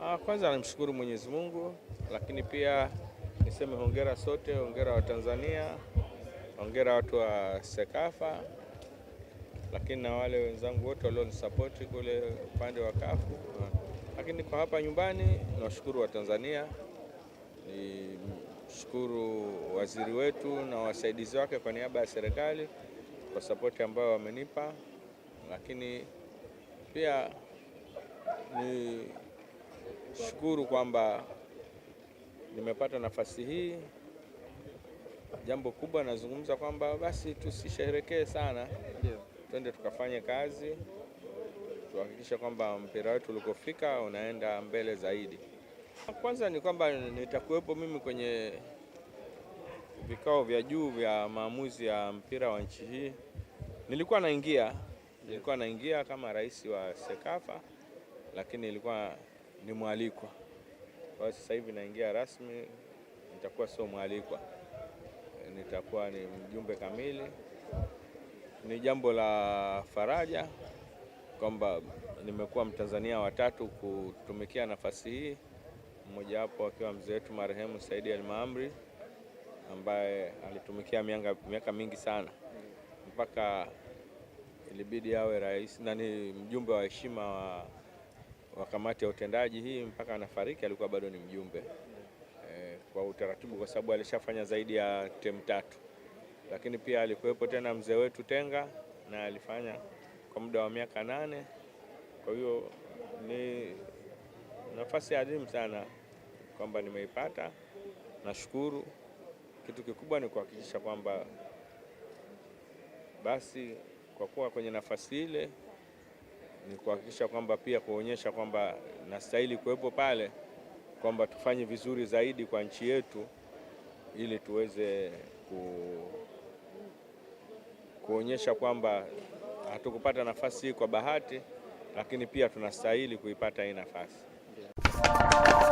Ah, kwanza namshukuru Mwenyezi Mungu, lakini pia niseme hongera sote, hongera wa Tanzania, hongera watu wa Sekafa, lakini na wale wenzangu wote walionisapoti kule upande wa Kafu. Lakini kwa hapa nyumbani nawashukuru wa Tanzania, nimshukuru waziri wetu na wasaidizi wake kwa niaba ya serikali kwa sapoti ambayo wamenipa, lakini pia ni shukuru kwamba nimepata nafasi hii. Jambo kubwa nazungumza kwamba basi tusisherekee sana, twende tukafanye kazi, tuhakikishe kwamba mpira wetu ulikofika unaenda mbele zaidi. Kwanza ni kwamba nitakuwepo mimi kwenye vikao vya juu vya maamuzi ya mpira wa nchi hii. Nilikuwa naingia, nilikuwa naingia kama rais wa Sekafa, lakini ilikuwa ni mwalikwa. Kwa hiyo sasa hivi naingia rasmi, nitakuwa sio mwalikwa, nitakuwa ni mjumbe kamili. Ni jambo la faraja kwamba nimekuwa Mtanzania watatu kutumikia nafasi hii, mmojawapo akiwa mzee wetu marehemu Saidi Almaamri ambaye alitumikia miaka mingi sana mpaka ilibidi awe rais na ni mjumbe wa heshima wa wa kamati ya utendaji hii mpaka anafariki alikuwa bado ni mjumbe e, kwa utaratibu, kwa sababu alishafanya zaidi ya temu tatu, lakini pia alikuwepo tena mzee wetu Tenga na alifanya kwa muda wa miaka nane. Kwa hiyo ni nafasi adhimu sana kwamba nimeipata, nashukuru. Kitu kikubwa ni kuhakikisha kwamba basi kwa kuwa kwenye nafasi ile ni kuhakikisha kwamba pia kuonyesha kwamba nastahili kuwepo pale, kwamba tufanye vizuri zaidi kwa nchi yetu ili tuweze ku, kuonyesha kwamba hatukupata nafasi hii kwa bahati, lakini pia tunastahili kuipata hii nafasi yeah.